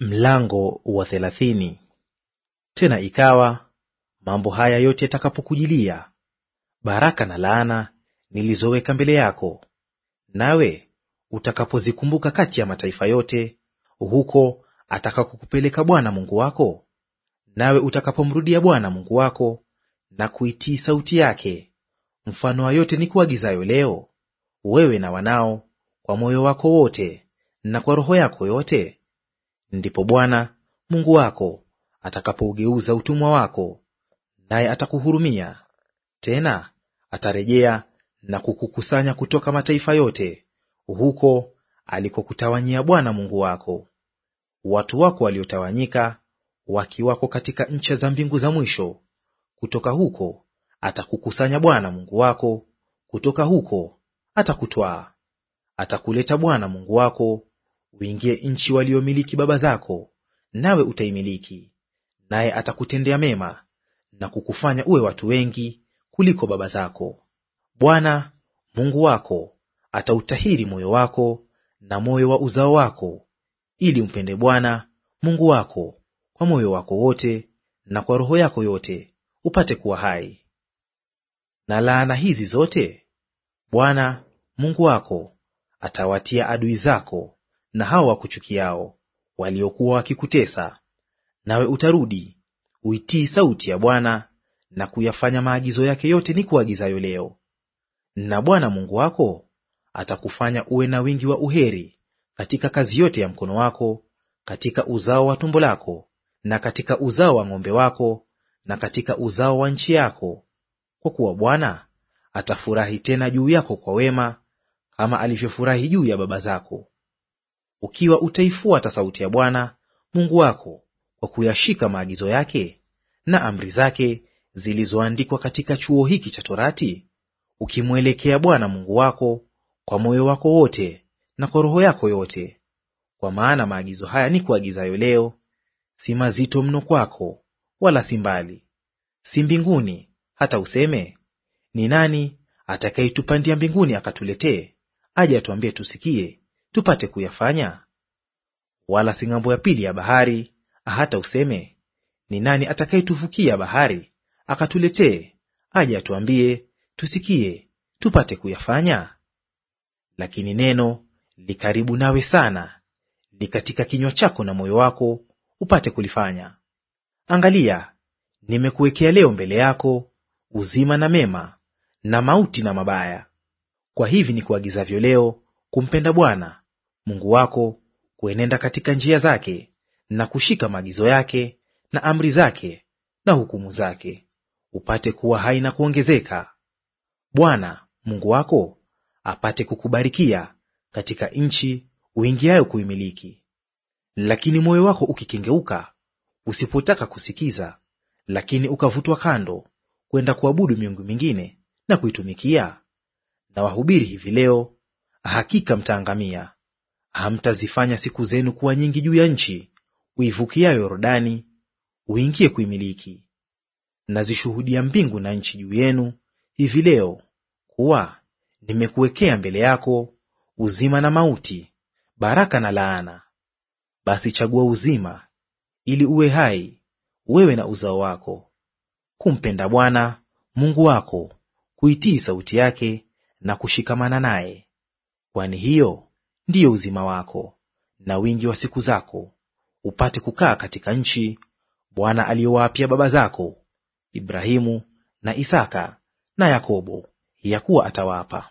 Mlango wa thelathini. Tena ikawa mambo haya yote yatakapokujilia, baraka na laana nilizoweka mbele yako, nawe utakapozikumbuka kati ya mataifa yote huko atakakokupeleka Bwana Mungu wako, nawe utakapomrudia Bwana Mungu wako na kuitii sauti yake, mfano wa yote nikuagizayo leo, wewe na wanao, kwa moyo wako wote na kwa roho yako yote ndipo Bwana Mungu wako atakapougeuza utumwa wako, naye atakuhurumia tena, atarejea na kukukusanya kutoka mataifa yote huko alikokutawanyia Bwana Mungu wako. Watu wako waliotawanyika wakiwako katika ncha za mbingu za mwisho, kutoka huko atakukusanya Bwana Mungu wako, kutoka huko atakutwaa. Atakuleta Bwana Mungu wako uingie nchi waliomiliki baba zako, nawe utaimiliki; naye atakutendea mema na kukufanya uwe watu wengi kuliko baba zako. Bwana Mungu wako atautahiri moyo wako na moyo wa uzao wako, ili umpende Bwana Mungu wako kwa moyo wako wote na kwa roho yako yote, upate kuwa hai. Na laana hizi zote Bwana Mungu wako atawatia adui zako na hao wakuchukiao waliokuwa wakikutesa. Nawe utarudi uitii sauti ya Bwana na kuyafanya maagizo yake yote kuagizayo leo. Na Bwana Mungu wako atakufanya uwe na wingi wa uheri katika kazi yote ya mkono wako, katika uzao wa tumbo lako, na katika uzao wa ng'ombe wako, na katika uzao wa nchi yako, kwa kuwa Bwana atafurahi tena juu yako kwa wema, kama alivyofurahi juu ya baba zako ukiwa utaifuata sauti ya Bwana Mungu wako kwa kuyashika maagizo yake na amri zake zilizoandikwa katika chuo hiki cha Torati, ukimwelekea Bwana Mungu wako kwa moyo wako wote na kwa roho yako yote. Kwa maana maagizo haya ni kuagizayo leo si mazito mno kwako, wala si mbali, si mbinguni, hata useme ni nani atakayetupandia mbinguni akatuletee, aje atuambie tusikie tupate kuyafanya? Wala si ng'ambo ya pili ya bahari, hata useme ni nani atakayetuvukia bahari akatuletee, aje atuambie tusikie, tupate kuyafanya? Lakini neno likaribu nawe sana, likatika kinywa chako na moyo wako, upate kulifanya. Angalia, nimekuwekea leo mbele yako uzima na mema na mauti na mabaya. Kwa hivi ni kuagizavyo leo kumpenda Bwana Mungu wako kuenenda katika njia zake na kushika maagizo yake na amri zake na hukumu zake, upate kuwa hai na kuongezeka, Bwana Mungu wako apate kukubarikia katika nchi uingiayo kuimiliki. Lakini moyo wako ukikengeuka, usipotaka kusikiza, lakini ukavutwa kando kwenda kuabudu miungu mingine na kuitumikia, na wahubiri hivi leo, hakika mtaangamia hamtazifanya siku zenu kuwa nyingi juu ya nchi uivukia Yordani uingie kuimiliki. Nazishuhudia mbingu na nchi juu yenu hivi leo, kuwa nimekuwekea mbele yako uzima na mauti, baraka na laana. Basi chagua uzima, ili uwe hai, wewe na uzao wako, kumpenda Bwana Mungu wako, kuitii sauti yake na kushikamana naye, kwani hiyo ndiyo uzima wako na wingi wa siku zako, upate kukaa katika nchi Bwana aliyowaapia baba zako Ibrahimu na Isaka na Yakobo, ya kuwa atawapa.